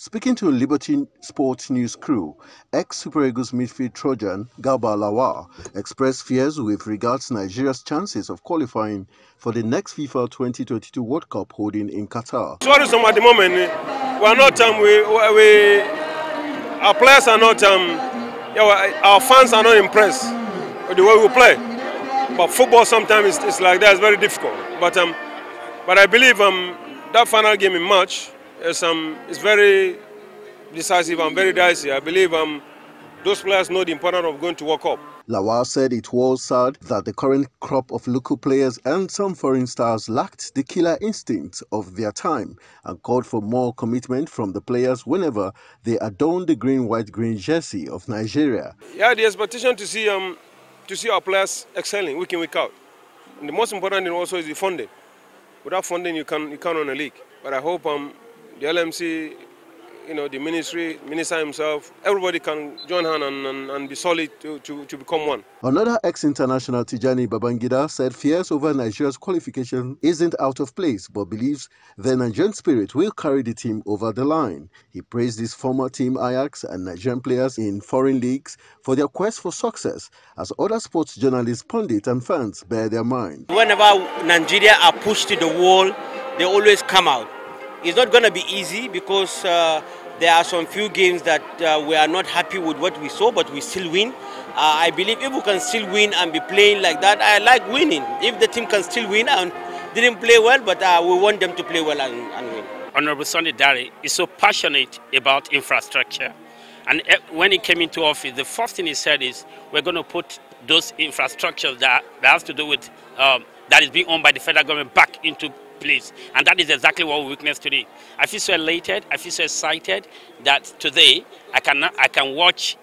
Speaking to Liberty Sports News crew, ex-Super Eagles midfield Trojan Garba Lawal expressed fears with regards Nigeria's chances of qualifying for the next FIFA 2022 World Cup holding in Qatar. It's worrisome at the moment. Eh? We are not, um, we, we, our players are not, um, yeah, our fans are not impressed with the way we play. But football sometimes is, like that, it's very difficult. But, um, but I believe um, that final game in March, it's, uh, um, it's very decisive and very dicey. I believe um, those players know the importance of going to World Cup. Lawal said it was sad that the current crop of local players and some foreign stars lacked the killer instinct of their time and called for more commitment from the players whenever they adorn the green-white-green jersey of Nigeria. Yeah, the expectation to see um, to see our players excelling week in, week out. And the most important thing also is the funding. Without funding, you can you can't run a league. But I hope um, the LMC, you know, the ministry, minister himself, everybody can join hand and, and, and be solid to, to, to, become one. Another ex-international Tijani Babangida said fears over Nigeria's qualification isn't out of place, but believes the Nigerian spirit will carry the team over the line. He praised his former team Ajax and Nigerian players in foreign leagues for their quest for success, as other sports journalists, pundits and fans bear their mind. Whenever Nigeria are pushed to the wall, they always come out it's not going to be easy because uh, there are some few games that uh, we are not happy with what we saw, but we still win. Uh, I believe if we can still win and be playing like that, I like winning. If the team can still win and didn't play well, but uh, we want them to play well and, and win. Honorable Sonny Dari is so passionate about infrastructure. And eh, when he came into office, the first thing he said is, we're going to put those infrastructures that, that has to do with, um, that is being owned by the federal government back into place. And that is exactly what we witnessed today. I feel so elated, I feel so excited that today I can, I can watch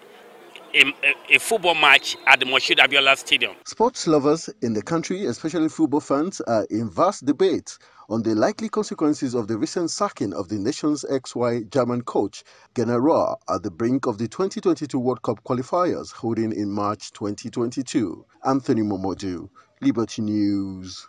a, a, football match at the Moshood Abiola Stadium. Sports lovers in the country, especially football fans, are in vast debate on the likely consequences of the recent sacking of the nation's XY German coach, General, at the brink of the 2022 World Cup qualifiers holding in March 2022. Anthony Momodu, Liberty News.